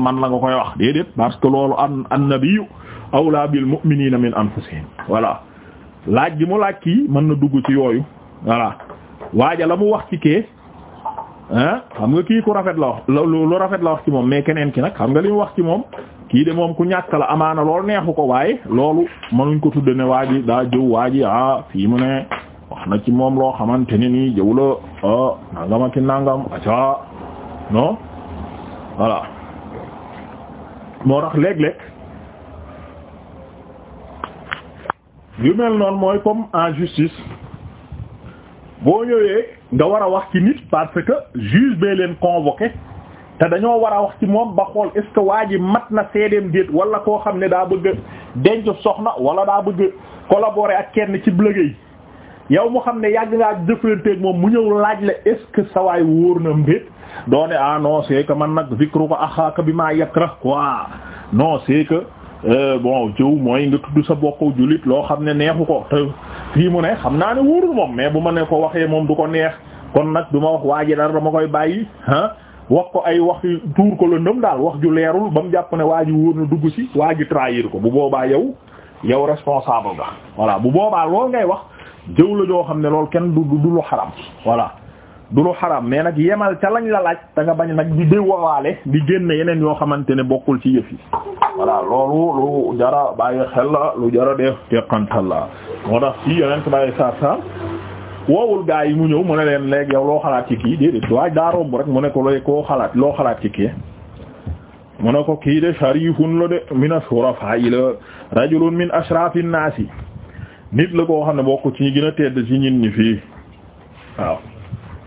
man la nga koy wax déedéet parce que loolu an an nabiyyu awla bil mu'minina min anfusihim voilà laaj bi mu laaj kii mën na dugg ci yooyu voilà waaja la mu wax ci kee ah xam nga kii ku rafet la wax lu rafet la wax ci moom mais keneen ki nag xam nga li wax ci moom kii de moom ku ñàkk la amaana lool neexu ko waaye loolu mënuñ ko tudde ne waa ji daa jëw waa ji ah fii mu ne wax na ci moom loo xamante ne nii jëw la ah nangama ki nangam acca non moo tax léeg-léeg yu mel noonu mooy comme en justice boo ñëwee nga war a wax ci nit parce que juge bee leen convoqué te dañoo war a wax ci moom ba xool est-ce que waa ji mat na seedeem déet wala koo xam ne daa bëgg denc soxna wala daa bëgg collaborer ak kenn ci liggéey yow mu xam ne yàgg ngaa jëflanteeg moom mu ñëw laaj la est-ce sa waay wóor na mbét doone ah non c'est que man nag zikru ko axaaka bi maa yakra quoi non c'est que euh, bon jëw mooy nga tudd sa bokk jullit loo xam ne neexu ko te fii mu ne xam naa ne wóorul moom mais bu ma ne ko waxee moom du ko neex kon nag du ma wax waa ji dara dama koy bàyyi ah wax ko ay wax tuur ko lëndëm daal wax ju leerul ba mu jàpp ne waa ji wóor na dugg si waa ji trahir ko bu boobaa yow yow responsable nga voilà bu boobaa ngay wax. jëw la joo xam ne loolu kenn du du lu xaram voilà du lu xaram mais nag yemal ca lañ la laaj da bañ nag di déwawaale di génn yeneen yoo xamante ne bokkul ci yëf yi voilà loolu lu jara bàyyi xel la lu jara def teqantal la moo tax fii yonent bàyyi sar sar woowul gaa yi mu ñëw mu ne leen léegi yow loo xalaat ci kii déedéet waaj daa romb mu ne ko looy ko xalaat loo xalaat ci kii mu ne ko kii de sharifun la de min ashrafa ila rajulun min ashrafin nit la koo xam ne bokk ci ñi gën a tedd ci ñin ñi fii waaw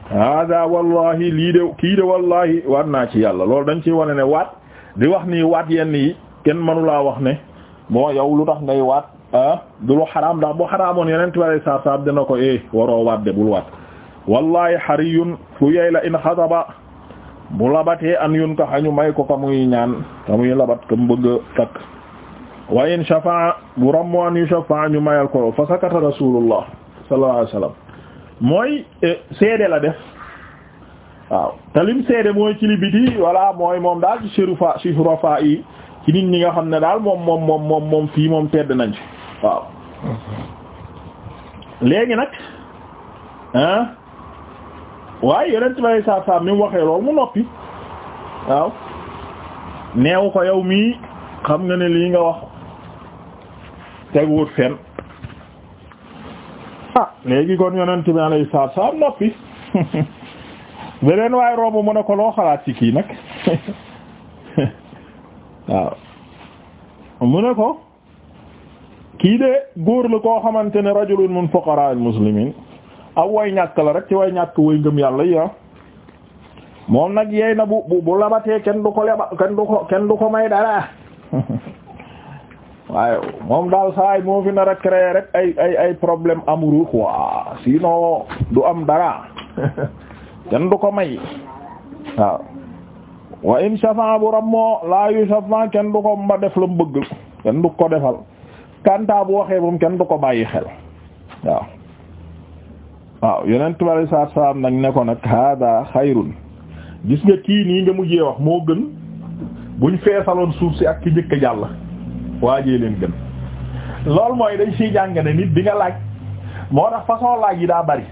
hada wallahi lii de kii de wallahi waat naa ci yàlla loolu dañ ci wane ne waat di wax nii waat yenn yi kenn mënulaa wax ne moo yow lu tax ngay waat ah, du lu xaraam ndax boo xaraamoon yeneen tubaab saab saab dina ko eh waroo waat de bul waat wallahi xariyun fu yey la in xataba bu labatee an yun ko xañu may ko ka muy ñaan ka muy labat ka mu bëgg takk wa in shafaa bu rammu an yushafaa ñu mayal ko fa sakata rasulullah sallallahu alayhi mooy eh, seede la def waaw te lim mooy ci li walla mooy moom daal ci shurafa shurafa yi ci nit ñi nga xam ne daal moom moom moom moom fii moom tedd nañ si waaw léegi nag ah waaye yonent bi saa saa mi waxee loolu mu noppi waaw neew ko yow mii xam nga ne lii nga wax teguwut fenn ah léegi kon yonent bi alayhi salaatu salaam noppi beneen waaye romb mu ne ko loo xalaat ci kii nag waaw mu ne ko kii de góor la koo xamante ne rajulun min fuqara al muslimin aw way ñàkk la rek ci way ñàkk way ngëm yàlla yi ah moom nag yeey na bu bu labatee kenn du ko leba kenn du ko kenn du ko may dara waaye moom daal saay moo fi nar a rek ay ay ay problème amoureux quoi sinon du am dara kenn du ko may waaw wa in shafa'a bu rammoo laa yu shafa'a kenn du ko ma def la mu bëgg kenn du ko defal kanta bu waxee moom kenn du ko bàyyi xel waaw waaw yonent bi alayhi salaatu nag ne ko nag xayrun gis nga kii nii nga mujjee wax moo gën buñ feesaloon suuf si ak ki jëkk jàll waajee leen gën loolu mooy dañ siy jàng ne nit di nga laaj moo tax façon laaj yi daa bari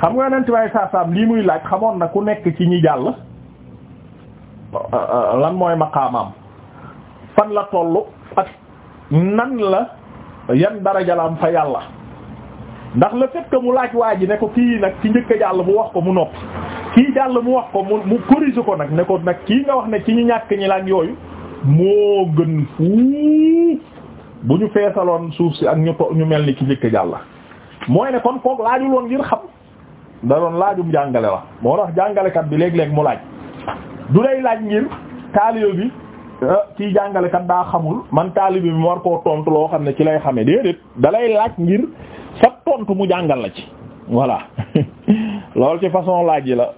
xam nga yonent way saasaam lii muy laaj xamoon nag ku nekk ci ñi jàll lan mooy maqaamaam fan la tollu ak nan la yan daraja la am fa yàlla ndax le fait mu laaj waa ji ne ko kii nag ci njëkk a jàll mu wax ko mu noppi kii jàll mu wax ko mu mu ko nag ne ko nag kii nga wax ne ci ñu ñàkk ñi laaj yooyu moo gën fuuf bu ñu feesaloon suuf si ak ñu to ñu mel ni ki njëkk jàlla mooy ne kon kook laajul woon ngir xam da doon laajum jàngale la moo tax jàngalekat bi léeg-léeg mu laaj du lay laaj ngir taalibe bi eh, kii jàngalekat daa xamul man taalibe bi mu war koo tontu loo xam ne ci lay xamee déedéet da lay laaj ngir sa tontu mu jàngal la ci voilà loolu ci façon laaj yi la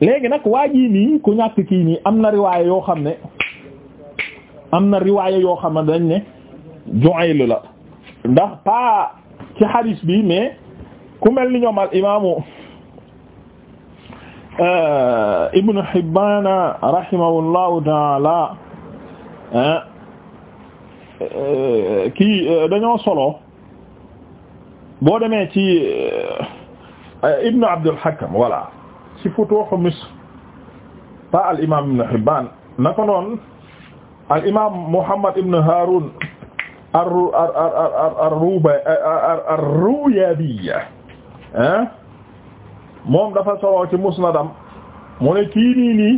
léegi nag waa jii nii ku ñàkk kii nii am na riwaay yoo xam ne am na riwaaya yoo xam ne dañ ne la ndax pas ci bi mais ku mel ni ñoom al imaamu euh, Ibn Hibbaan rahimahullahu taala euh, kii euh, dañoo solo boo demee ci Ibn Abdul ci Futuuhu Misr pas al imaam Ibn Hibbaan naka al imaam Muhammad ibn Haarun ar-ru ar moom dafa soloo ci musnadam mu ne kii nii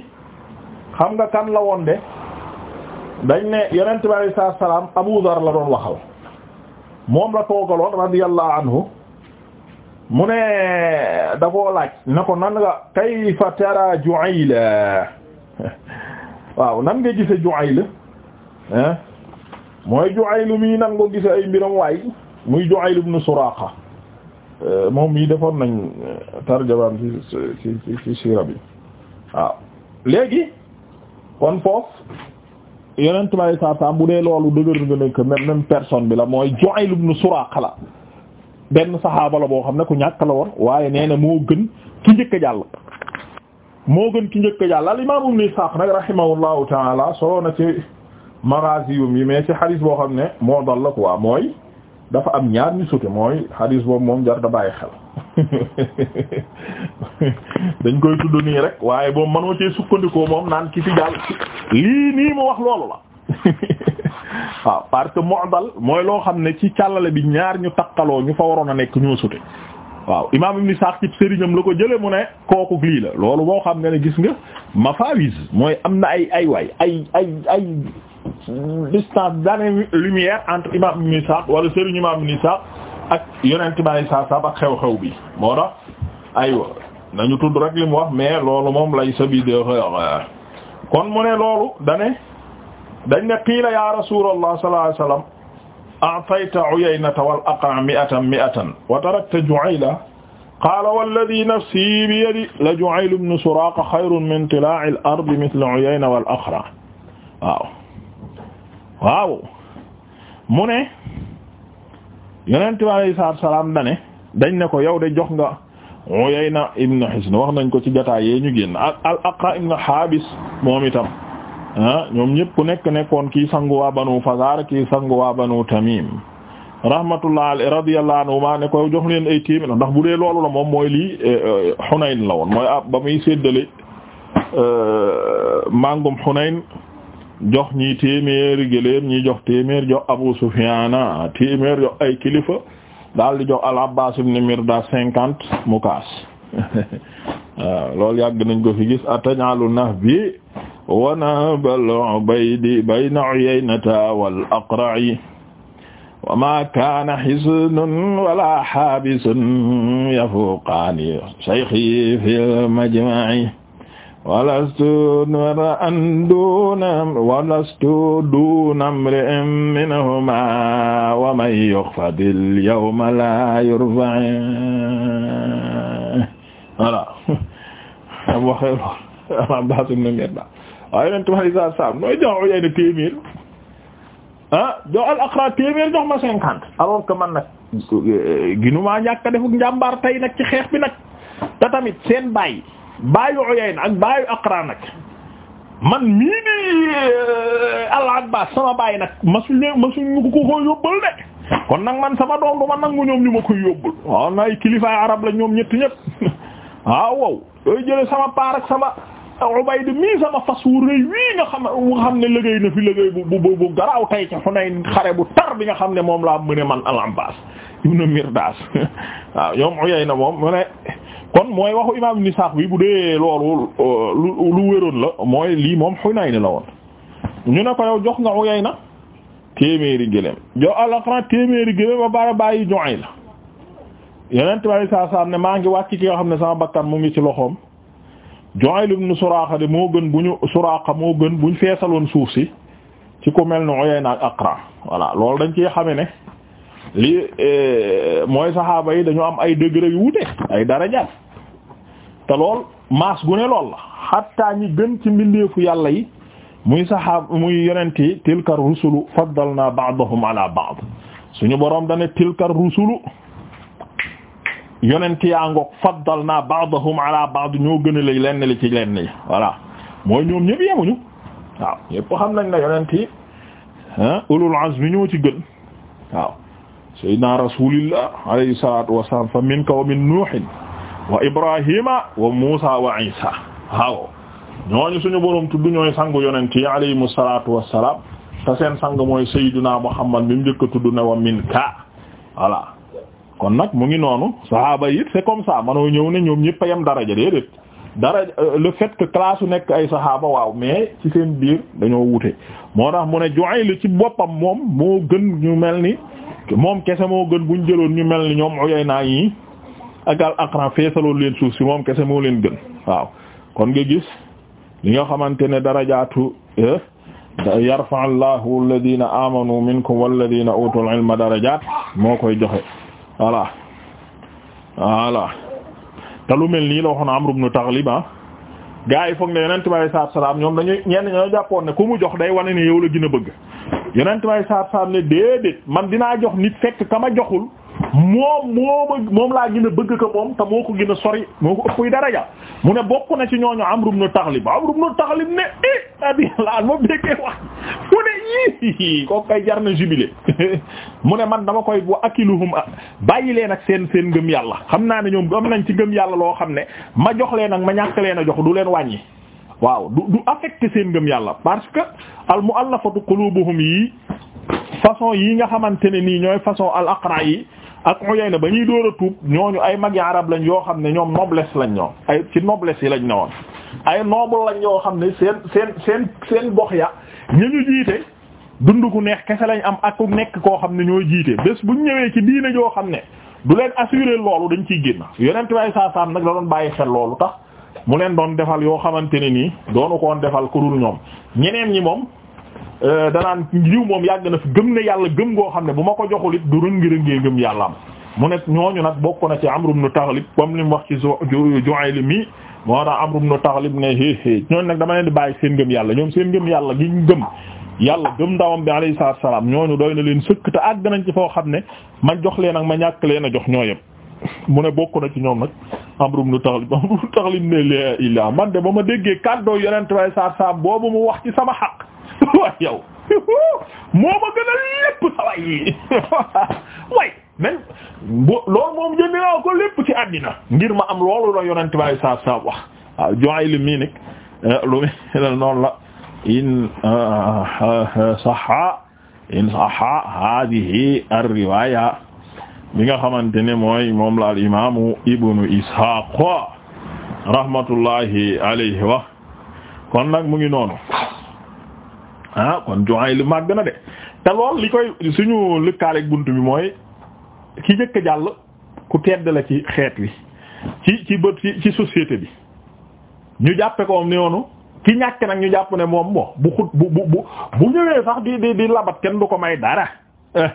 xam nga kan la woon dañ ne yonent bi salaam Abu Dar la doon waxal moom la toogaloon radiyallahu anhu mu ne da koo laaj ne ko nan nga kayfa tara Ju'ayla nan nga gise Ju'ayla ah mooy Ju'ayl mii nan nga gise ay mbiram waay muy Ju'ayl ibn Suraaqa euh, moom mii defoon nañ euh, tarjabaan ci ci ci ci siira bi waaw léegi kon foofu yonent may saa bu dee loolu dëgër nga nekk même même personne bi la mooy Ju'ayl ibn Suraaqa la benn saxaaba la boo xam ne ku ñàkk la woon waaye nee na moo gën ki njëkk a jàll moo gën ki njëkk a jàll al imaam Ibn Isaaq nag rahimahullahu taala solo na ci maghaziyum yi mais ci xadis boo xam ne moo dal la quoi mooy dafa am ñaar ñu sute mooy xadis boobu moom jar da bàyyi xel dañ koy tudd nii rek waaye boobu mënoo cee sukkandikoo moom naan ki fi daal lii nii mu wax loolu la waaw parce que moo mu'dal mooy loo xam ne ci càllale bi ñaar ñu takkaloo ñu fa waroon a nekk ñoo sute waaw imaam ibn Sa'd ci sëriñam la ko jële mu ne kooku lii la loolu boo xam ne ne gis nga mafawiz mooy am na ay ay waay ay ay ay distance d'année lumière entre imam ibn Ishaq wala sëriñ imam ibn Ishaq ak yonent bi saa saab ak xew-xew bi moo tax aywa nañu tudd rek li mu wax mais loolu moom lay sabi de kon mu ne loolu dane dañ ne qiila ya rasulallah sallallahu alayhi wasallam a'tayta Uyaynata wal aqra mi'atan mi'atan wa tarakta Ju'ayla qaala walladhi nafsi bi yadi la Ju'ayl ibn Suraqa khayrun min tilaa'i al-ardi mithla Uyayna wal aqra waaw waaw mu ne yonent bi alayhi salaatu salaam dane dañ ne ko yow de jox nga Uyayna ibn Hisn wax nañ ko ci jotaay yee ñu génn al Aqra ibn Haabis moom itam ah ñoom ñëpp ku nekk nekkoon kii sangu waa Banu Fazaar kii sangu waa Banu Tamim rahmatullah alayhi radiyallahu anhuma ne ko jox leen ay téeméer ndax bu dee loolu la moom mooy li eh, eh, Hunayn la woon mooy ba muy séddale eh, màngum Hunayn jox ñi téeméeri gëléem ñi jox Abu Sufyaan téeméer jox ay kilifa daal di jox al-Abbaas ibn Mirdaas cinquante mu kaas waaw loolu yàgg nañ ko fi gis atajalu nahbi wa nahbal ubaydi wal aqra'i wa ma kaana hisnun wala haabisun yafuqaani shaykhi fil majma'i walastu wara an duna walastu duna mri'in minhuma la yurfa voilà am waxee na meen saam nooy jox uyay na téeméer ah jox al aqra téeméer ma cinquante alors que man nag ginumaa ñàkk a defuk njàmbaar tey nag ci xeex bi nag te seen bàyyi baayu na ak baayu Aqra nag man mii di eh, al-Abbas sama baay nag masuñu masuñu ko ko yóbbal de kon nag man sama doom du ma nangu ñoom ñu ma koy yóbbul waaw nay kilifaay arab la ñoom ñetti ñëpp waaw wow yooyu jële sama paar ak sama Ubayd mii sama fas wu rëy wii nga xam nga xam ne liggéey na fi liggéey bu bu bu garaaw tay ci Hunayn xare bu tar bi nga xam ne moom laa mëne man al-Abbas ibn Mirdas waaw ñoom Uyayna moom mu ne kon mooy waxu imaam Ibn Isaaq bi bu dee loolu lu wéroon la mooy lii moom Hunayn la woon ñu ne ko yow jox nga Uyayna téeméeri gëléem jox al-Aqra téeméeri gëléem ba bara bàyyi joxay la yeneen tubaab yi ne maa ngi wàcc ki nga xam ne sama bakkan mu ngi ci loxoom Ju'ayl ibn Suraaqa de moo gën bu ñu Suraaqa moo gën bu ñu feesaloon suuf si ci ku mel ne Uyayna ak Aqra voilà loolu dañ ciy xame ne lii e, mooy saxaaba yi dañu am ay degré yu wute ay darajaat te lool maas gu lool la xatta ñi gën ci mbindeefu yàlla muy saxaab muy yonent yi tilkar rusulu faddalna ba'dahum ala ba'd suñu boroom dane tilkar rusulu yonent yaa ngoog faddalna ba'dahum ala ba'd ñoo gën a lay lenn ci lenn li voilà mooy ñoom ñëpp yemuñu waaw ñëpp xam nañ ne yonent ulul azmi ñoo ci gën waaw sayyidina rasulillah alayhi salatu wassalam fa minka wa min nuuhin wa ibrahima wa muusa wa isa waaw ñooñu suñu borom tudd ñooy sangu yonent yi alayhimu salaatu wassalaam te seen sang mooy sayyidina muhammad bi mu njëkk a tudd na wa minka voilà kon nag mu ngi noonu sahaaba yi c'est sa ça ñëw na ñoom ñëpp a yem daraja déedéet daraja euh, le fait que classe nekk ay sahaaba waaw mais ci seen biir dañoo wute moo tax mu ne Ju'ayl ci boppam moom moo gën ñu mel ni moom kese moo gën bu ñu jëloon mel ni ñoom Uyayna yi ak al-Aqra leen suuf si moom kese moo leen gën waaw kon nga gis li nga xamante ne darajaatu eh, yarfa allahu alladina amanu minkum walladina utul ilma darajat moo koy joxe voilà voilà te lu mel nii la waxoon Amr ibn Taghlib ah, gaa yi foog ne yonent bi alayhi salaatu salaam ñoom dañuy ñenn ñoo jàppoon ne ku mu jox day wane ne yow la gën a bëgg yonent bi alayhi salaatu salaam ne déedéet man dinaa jox nit fekk ka ma joxul moom mooma moom laa gën bëgg ko moom te moo ko gën a sori moo ko ëpp daraja mu ne bokk na ci ñooñu Amr ibn Taghlib Amr ibn Taghlib ne i eh abi laal moom déggee wax mu ne i kooku kay jar na mu ne man dama koy wa akiluhum bàyyi leen ak seen seen ngëm yàlla xam naa ne ñoom am nañ ci ngëm yàlla loo xam ne ma jox leen ak ma ñàkk leen a jox du leen wàññi waaw du du affecté seen ngëm yàlla parce que al mu'allafatu qulubuhum yi façon yi nga xamante ne nii ñooy façon al aqra yi ak Uyayna ba ñuy door a tuub ñooñu ay magi arab lañ yoo xam ne ñoom noblesse lañ ñoom ay ci noblesse yi lañ ne woon ay noble lañ yoo xam ne seen seen seen seen gox ya ñu ñu jiite dund ku neex kese lañ am ak ku nekk koo xam ne ñooy jiite bés bu ñu ñëwee ci diine joo xam ne du leen assurer loolu dañ ciy génn yonent way saa saam nag la doon bàyyi xel loolu tax mu leen doon defal yoo xamante ne nii doonu ko woon defal ku dul ñoom ñeneen ñi moom Euh, danaan yiw moom yàgg na fi gëm ne yàlla gëm goo xam ne bu ma ko joxul it du rëngi-rëngee gëm yàlla am mu ne ñooñu nag bokk na ci Amr ibn Taghlib comme li mu wax ci Ju'ayli mi moo tax Amr ibn Taghlib ne hé hé nag dama leen bàyyi seen gëm yàlla ñoom seen gëm yàlla gi ñu gëm yàlla gëm ndawam bi alayhi salaatu wa salaam ñooñu doy na leen sëkk te àgg nañ ci foo xam ne ma jox leen ak ma ñàkk leen a jox ñoo yem mu ne bokk na ci ñoom nag Amr ibn Taghlib Amr ibn Taghlib de ba ma déggee kàddoo yonent way saar saam boobu mu wax ci sama xaq waaw yow moo ma gën a lépp sa way way même bo loolu moom jëndi naa ko lépp ci àddina ngir ma am loolu la yonent bi saa saa wax waaw joxay li mii nag eh, lu mel noonu la in eh, eh, saha in saha hadihi ar-riwaya bi nga xamante ne mooy moom la al imamu ibnu ishaq rahmatullahi alayhi wa kon nag mu ngi noonu ah kon yi lu màgg na de te lool li koy suñu lëkkaaleeg bunt bi mooy ki njëkk jàll ku tedd la ci xeet wi ci ci bët ci ci société bi ñu jàppe ko moom noonu ki ñàkk nag ñu jàpp ne moom moo bu xut bu bu bu ñëwee sax di di di labat kenn du ko may dara eh.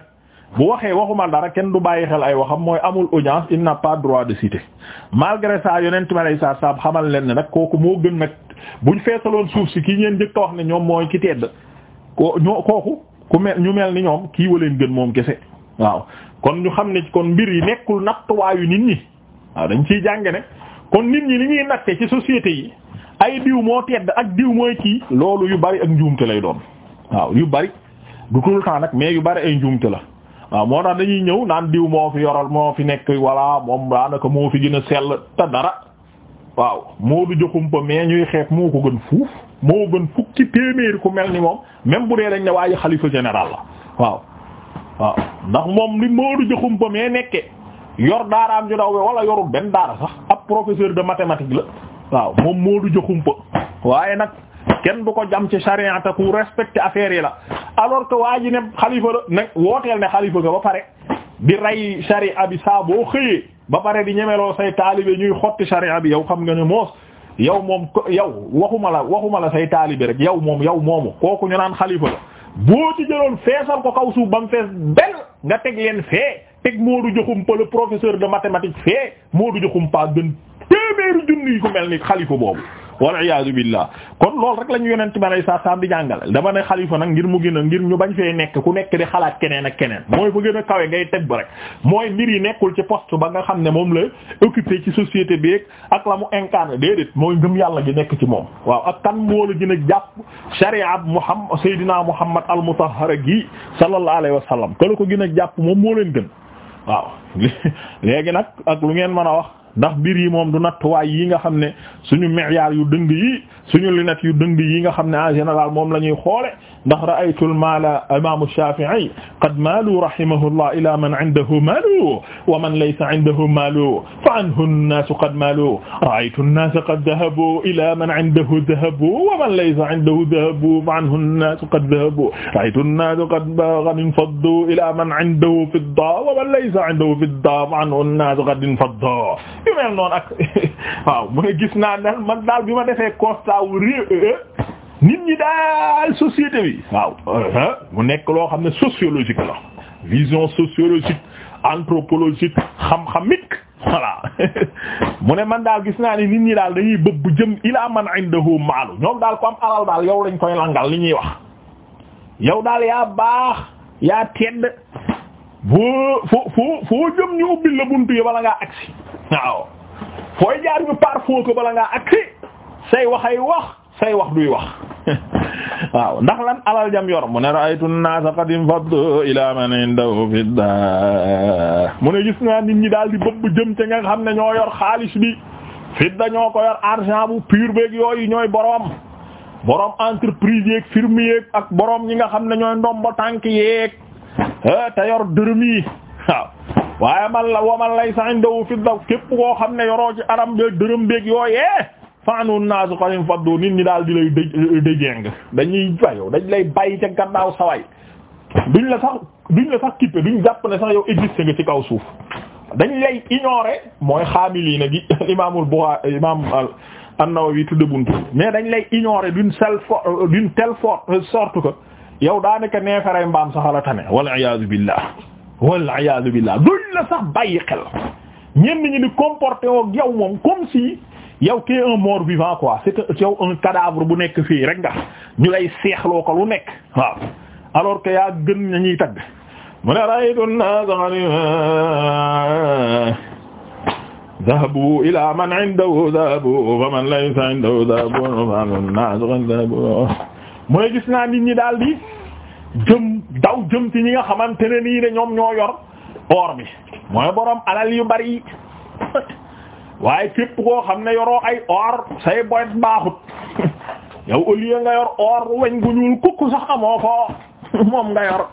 bu waxee waxuma dara kenn du bàyyi xel ay waxam mooy amul audience il n'a pas droit de citer malgré ça yonent ma lay saa saab xamal leen ne nag kooku moo gën nag buñ feesaloon suuf si kii ngeen njëkk a wax ne ñoom mooy ki tedd ko ñoo kooku ku mel ñu mel ni ñoom kii waleen gën moom gese waaw kon ñu xam ne kon mbir yi nekkul nattuwaayu nit ñi waaw dañ ciy jànge ne kon nit ñi li ñuy natte ci société yi ay diw moo tedd ak diw mooy kii loolu yu bari ak njuumte lay doon waaw yu bari du temps nag mais yu bari ay njuumte la waaw moo tax dañuy ñëw naan diw moo fi yoral moo fi nekk walla moom daanaka moo fi gën a sell te dara waaw moo du joxumpa mais ñuy xeeb moo ko gën fuuf moo gën fukki téeméer ku mel ni moom même bu dee dañ ne waaye xalifa général la waaw waaw ndax moom li moo du joxumpa mais nekke yor daaraam ju daw wala yoru benn daara sax ab professeur de mathématiques la waaw moom moo du joxumpa waaye nag kenn du ko jam ci charia te ku respecté affaire yi la alors que waa ji ne xalifa la ne wooteel ne xalifa nga ba pare di rey charia bi saa boo xëyee ba pare di ñemeloo say taalibe ñuy xotti charia bi yow xam nga ne moos yow moom yow waxuma la waxuma la say taalibe rek yow moom yow moomu kooku ñu naan xalifa la boo ci jëloon feesal ko kaw suuf ba mu fees benn nga teg leen fee teg Moodu Joxumpa le professeur de mathématiques fee Moodu Joxumpa gën téeméeri junni yu mel ni xalifa boobu wal kon loolu rek la ñu yonent bi alayhi salaam di jàngale dama ne xalifa nag ngir mu gën a ngir ñu bañ fee nekk ku nekk di xalaat keneen ak keneen mooy fa gën a kawe ngay teg ba rek mooy mbir yi nekkul ci poste ba nga xam ne moom la occupé ci société bi ak la mu incarné déedéet mooy ngëm yàlla gi nekk ci moom waaw ak kan moo la gën a jàpp shari'a Muhammad Seydina Muhammad al-Mutahhar gi sallallahu alayhi wa sallam te la ko gën a jàpp moom moo leen gën waaw nag ak ngeen mën a wax ndax mbir yi moom du nattuwaay yi nga xam ne suñu miyaar yu dëng yi suñu lunette yu dëng yi nga xam ne en général moom la ñuy xoole ndax ra'aytul maala imaamu Shaafi'i qad maalu rahimahullah ila man indahu maalu wa man laysa indahu maalu fa anhu an-naasu qad maalu ra'aytu an-naasa qad dhahabu ila man indahu dhahabu wa man laysa indahu dhahabu fa anhu an-naasu qad dhahabu ra'aytu an-naasa qad infaddu ila man indahu fidda wa man laysa indahu fidda fa anhu an-naasu qad infadda yu mel noonu ak waaw mu ne gis naa naa daal bi ma defee constat wu e, nit ñi daal société bi waaw mu nekk loo xam ne sociologique la vision sociologique anthropologique xam-xamik voilà mu ne man daal gis naa ni nit ñi daal dañuy bëbb jëm ilaa man indahu maalu ñoom daal ko am alal daal yow lañ koy langal li ñuy wax yow daal yaa baax yaa tedd foo foo foo jëm ñu ubbil la buntu yi bala ngaa waaw fooy jaar ñu parfois ko bala ngaa agsi say waxay wax say wax duy wax waaw ndax lan alal jam yor mu ne ra'aytu an-naasa qad infaddu ila man indahu fidda mu ne gis naa nit ñi daal di bëbb jëm ca nga xam ne ñoo yor xaalis bi fidda ñoo ko yor argent bu pur beeg yooyu ñooy boroom boroom entreprise yeeg firme yeeg ak boroom ñi nga xam ne ñooy ndombo tànk yeeg eh, te yor dërëm waaw waaye man la wa man laysa indahu fidda képp koo xam ne yoroo ci aram beeg dërëm beeg yooyee faanu naasu xadim faddu nit ñi daal di lay dë dëjëng dañuy yow dañ lay bàyyi ca gannaaw saway duñ la sax duñ la sax kippe jàpp ne sax yow existe nga ci kaw suuf dañ lay ignorer mooy xaamili na gi imaamul Buxaari imaam an-Nawawi tudde buntu mais dañ lay ignorer d'une telle d'une que yow daanaka neefaray mbaam sax la tane wal iyaazu billah wal iyaazu billaah duñ la sax bàyyi xel ñenn ñi di comporté woo yow moom comme si yow t'es un mort vivant quoi c'est yow un cadavre bu nekk fii rek nga ñu lay seexloo ko lu nekk waaw alors que yaa gën nañuy tagg mu ne raytu naas dahabu ila man indahu dahabu fa man laysa indahu dahabu fa an naas dahabu mu ne gis naa nit ñi daal di jëm daw jëm ci ñi nga xamante ne nii ne ñoom ñoo yor or bi mooy borom alal yu bari waaye képp koo xam ne yoroo ay or say boyet baaxut yow au nga yor or weñ gu ñuul kukk sax amoo ko moom nga yor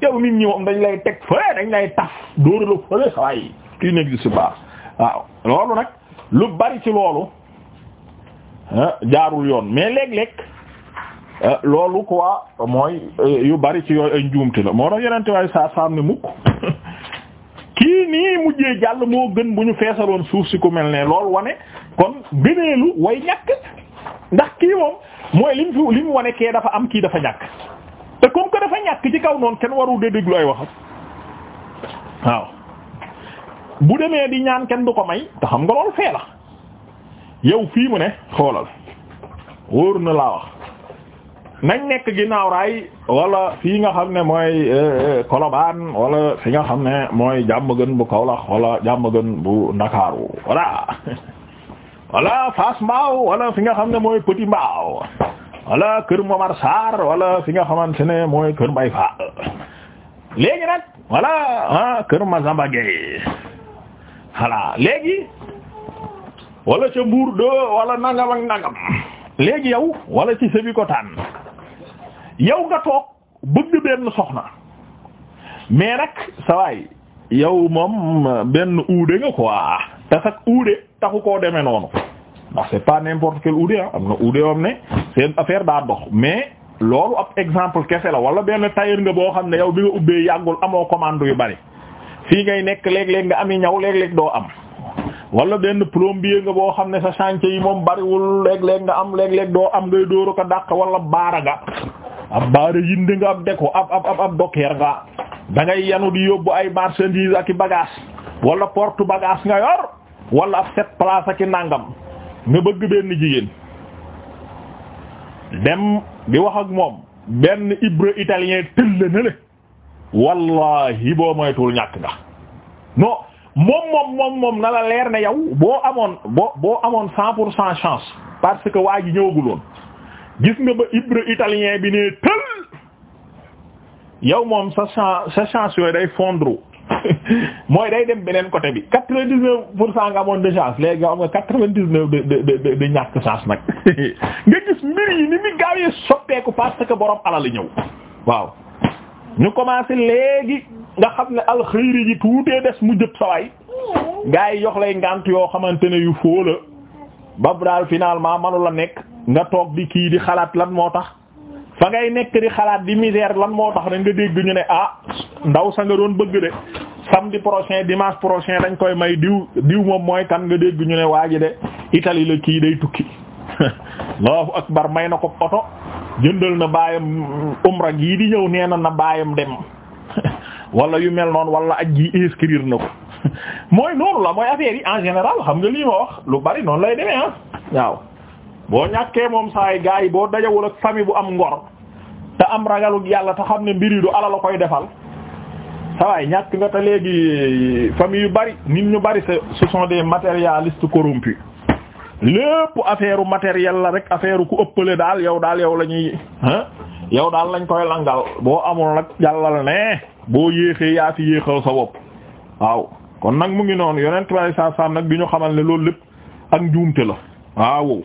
yow nit ñi moom dañ lay teg fële dañ lay taf dóor la fële waaye kii nekk si baax waaw loolu nag lu bari ci loolu ah, jaarul yoon mais léeg-léeg Eh, loolu quoi mooy eh, yu bari ci yooyu ay njuumte la moo tax yeneen waay saa saam ne mukk kii nii mujjee jàll moo gën bu ñu feesaloon suuf si ku mel ne lool wane kon gëneelu way ñàkk ndax kii moom mooy lim fi lim wane kee dafa am kii dafa ñàkk te comme que dafa ñàkk ci kaw noonu kenn waru de déglu ay waxam waaw bu demee di ñaan kenn du ko may te xam nga loolu fee la yow fii mu ne xoolal wóor na laa wax. nañ nekk ginnaaw raay wala fii nga xam ne mooy eh, eh, Colobane wala fi nga xam ne mooy jàmm gën bu Kaolack wala jàmm gën bu Ndakaaru voilà wala Fass Mbao wala fi nga xam ne mooy Petit Mbao wala Kër Momar wala fi nga xamante ne mooy Kër Mbay Fall léegi nag wala ah Kër Mazamba Gueye voilà léegi wala ca Mbour do wala nangam ak nangam léegi yow wala ci Sébikotane yow nga toog bëgg benn soxna mais nag sa waay yow moom benn uude nga quoi te sax uude taxu koo demee noonu ndax c'est pas n'importe quel uude ah. am na uude yoo xam ne seen affaire daa dox mais loolu ab exemple kese la wala benn tailleur nga boo xam ne yow bi nga ubbee yàggul amoo commande yu bari fii ngay nekk léeg-léeg nga ami ñaw léeg-léeg doo am wala benn plombier nga boo xam ne sa chantier yi moom bariwul léeg-léeg nga am léeg-léeg doo am ngay dóoru ko wala baara ab baara yinde nga ab deko ab ab ab nga da ngay yanu di yóbbu ay marchandise ak i bagage walla porte bagage nga yor wala ab sept place ak i nàngam nga bëgg benn jigéen dem di wax ak moom benn ibre italien tëll na le boo moytuwul ñàkk nga non moom moom moom na la leer ne yow boo amoon boo boo amoon cent pour cent chance parce que waa ji ñëwaguloon gis nga ba ibre italien bi ne tël yow moom sa chance sa chance yooyu day fondre mooy day dem beneen côté bi quatre-vingt-dix-neuf pour cent nga amoon de chance léegi nga am nga quatre-vingt-dix-neuf de de de ñàkk chance nag nga gis mbir yi ni mi gaawee soppeeku parce que borom alal ñëw waaw ñu commencé léegi nga xam ne alxëyri ji tuutee des mu jëp sawaay mm. gars yi yox lay ngant yoo xamante ne yu fóola ba daal finalement manu la nekk nga toog di kii di xalaat lan moo tax fa ngay nekk di xalaat di misère lan moo tax rek nga dégg ñu ne ah ndaw sa nga doon bëgg de samedi prochain dimanche prochain dañ koy may diw diw moom mooy kan nga dégg ñu ne waa ji de Italie la kii day tukki Allahu bar may na ko oto jëndal na baayam umra gii di ñëw nee na na baayam dem wala yu mel noonu wala aj gi inscrire na ko mooy noonu la mooy affaire yi en général xam nga lii ma wax lu bari noonu lay demee ah waaw boo ñàkkee moom saay gars yi boo dajawul ak famille bu am ngor te am ragalu yàlla te xam ne mbir yi du ala la koy defal sawaay ñàkk nga te léegi famille yu bari nit ñu bari ce sont des matérialistes corrompus lépp affaire matériel la rek affaire ku ëppale daal yow daal yow la ñuy ah daal lañ koy langal boo amul nag jàllal ne boo yéexee yaa fi yéexal sa bopp waaw kon nag mu ngi noonu yonent bi saa saa nag bi ñu xamal ne loolu lépp ak njuumte la waaw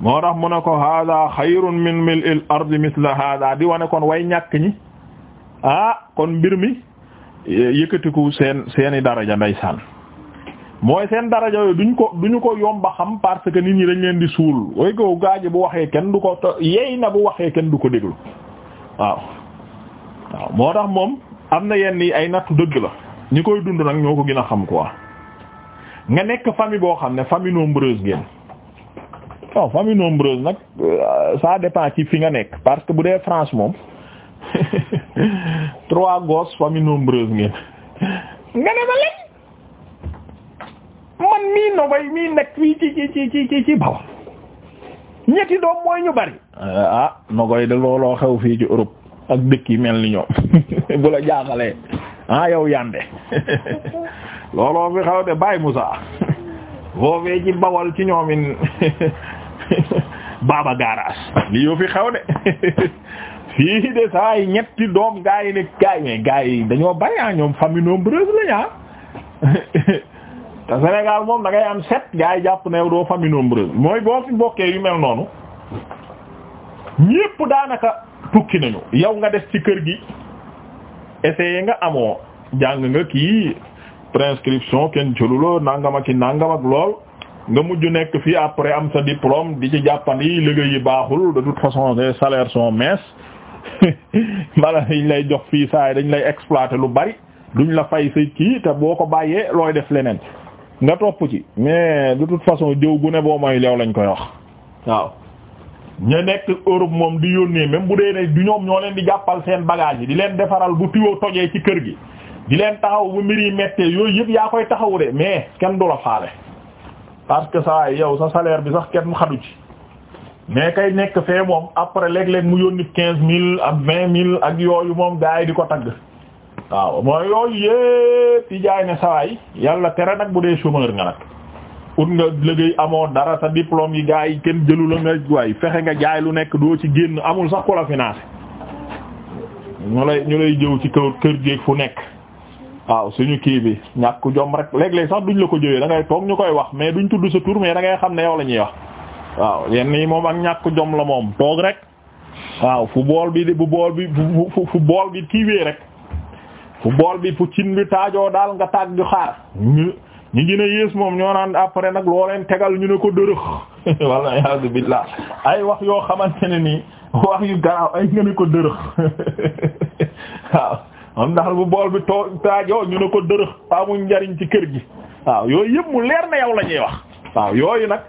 moo tax mu ne ko hada xayrun min mil'il ardi misla hada di wane kon way ñàkk ñi ah kon mbir mi yëkkatiku seen seeni daraja ndeysaan mooy seen daraja yooyu duñ ko duñu ko yomba xam parce que nit ñi dañ leen di suul way ko gaaji bu waxee kenn du ko yey na bu waxee kenn du ko déglu waaw moo tax moom am na yenn yi ay nattu dëgg la ñi koy dund nag ñoo ko gën a xam quoi nga nekk famille boo xam ne famille nombreuse ngeen non nombreuse nag euh, ça dépend ci fi nga nekk parce que bu dee France moom trois gosses famille nombreuse ngeen nga ne ma lépp man mii nobay mii nekk fii ci ci ci ci ci ci ñetti doom mooy ñu bari euh, ah nogoy de looloo xew fii ci Europe ak dëkk yi mel ni ñoom bu la jaaxalee ah yow yànde looloo fi xaw de Baye Moussa foofee ci bawal ci ñoomin Baba Garage lii yoo fi xaw de fii de saa yi ñetti doom gaa yi gaay gaa yi dañoo bari ah ñoom famille nombreuse lañ ah. te Sénégal moom da ngay am set gaa yi jàpp ne doo famille nombreuse mooy boo fi bokkee yu mel noonu ñépp daanaka tukki nañu yow nga des ci kër gi. essayé nga amoo jàng nga kii prescription kenn jëluloo nangam ak nangam ak lool nga mujj nekk fii après am sa diplôme di ci jàppandi liggéey yi baaxul de toute façon les salaires son minces mala dañ lay jox fii saa dañ lay exploiter lu bari duñ la fay sa kii te boo ko bàyyee looy def leneen nga topp ci mais de toute façon jëw gu ne boo mooy leew lañ koy wax waaw. ñu nekk Europe moom di yónnee même bu dee ne du ñoom ñoo leen di jàppal seen bagage yi di leen defaral bu tuyoo tojee ci kër gi di leen taxaw bu mbir yi méttee yooyu yëpp yaa koy taxawu de mais kenn du la faale parce que saa yow sa salaire bi sax kenn mu xadu ci mais kay nekk fee moom après léeg-léeg mu yónni quinze mille ak vingt mille ak yooyu moom gaa yi di ko tagg waaw mooy yooyu yëpp yi jaay ne sawaay yàlla tere nag bu dee chômeur nga nag pour nga liggéey amoo dara sa diplôme yi gaa yi kenn jëlu a nga waay fexe nga jaay lu nekk doo ci génn amul sax ku la financé ñu lay ñu lay jëw ci kër kër géeg fu nekk waaw suñu kii bi ñàkk jom rek léeg-léeg sax duñ la ko jëwee dangay toog ñu koy wax mais duñ tudd sa tur mais da ngay xam ne yow la ñuy wax waaw yenn yi moom ak ñàkk jom la moom toog rek waaw fu bool bi bu bool bi fu bool bi kiiwee rek fu bool bi fu cin bi taajoo daal nga taag ñu xaar ñu gën a yées moom ñoo naan après nag loo leen tegal ñu ne ko dërëx walla yaazu billah ay wax yoo xamante ne nii wax yu garaaw ay nga ne ko dërëx waaw man daal bu bool bi too taajoo ñu ne ko dërëx amuñ njariñ ci kër gi waaw yooyu yëpp mu leer na yow la ñuy wax waaw yooyu nag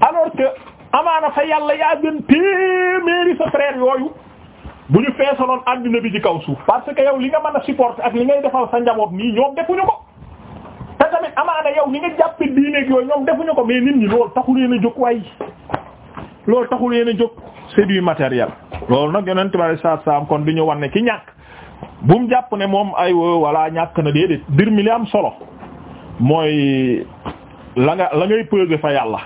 alors que amaana fa yàlla yaa gën téeméeri sa frère yooyu bu ñu feesaloon àddina bi ci kaw suuf parce que yow li nga mën a supporter ak li ngay defal sa njaboot nii ñoom defuñu ko amaana yow ni nga jàppe diineeg yooyu ñoom defuñu ko mais nit ñi loolu taxul yéen a jóg waaye loolu taxul yéen a jóg c'est du matériel loolu nag yonent bi saa saam kon di ñu wan ne ki ñàkk bu jàpp ne moom ay walla ñàkk na déedéet mbir mi li am solo mooy la nga la ngay peser fa yàlla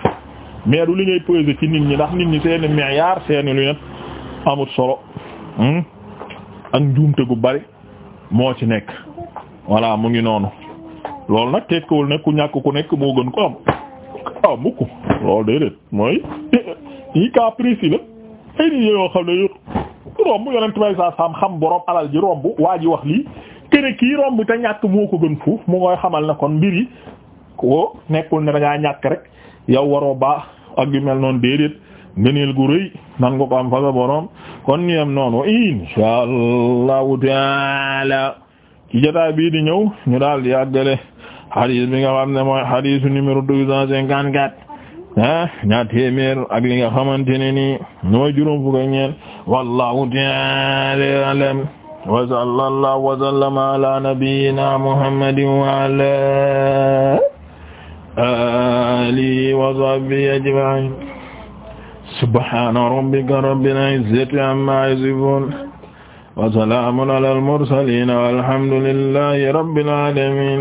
mais li ngay peser ci nit ñi ndax nit ñi seeni meeyaar seeni lu net amut solo hmm? ak njuumte gu bari moo ci nekk voilà mu ngi noonu lool nag tekkiwul ne ku ñàkk ku nekk moo gën ko am ah mukk loolu déedéet mooy yi cas précis la romb yonent bay saa xam borom alal ji romb waa wax lii kene kii romb te ñàkk moo ko gën fuuf mu ngoy xamal na kon mbir ko nekkul ne da ñàkk rek yow waroo baax ak yu mel noonu déedéet ngëneel gu rëy nan nga ko am fa sa kon ñu am noonu insha allahu taala ci jotaay bii di ñëw ñu daal di xadis bi nga xam ne mooy xadisu numéro deux cent cinquante quatre ah ñaar téeméer ak li nga xamante ne nii mooy juróom fukk ak ñeent wallahu ta'ala alam wa sallallahu wa sallama ala nabiyyina muhammadin wa ala alihi wa sahbihi ajma'in subhana rabbika rabbil izzati amma yasifun wa salamun ala al mursalin walhamdulillahi rabbil alamin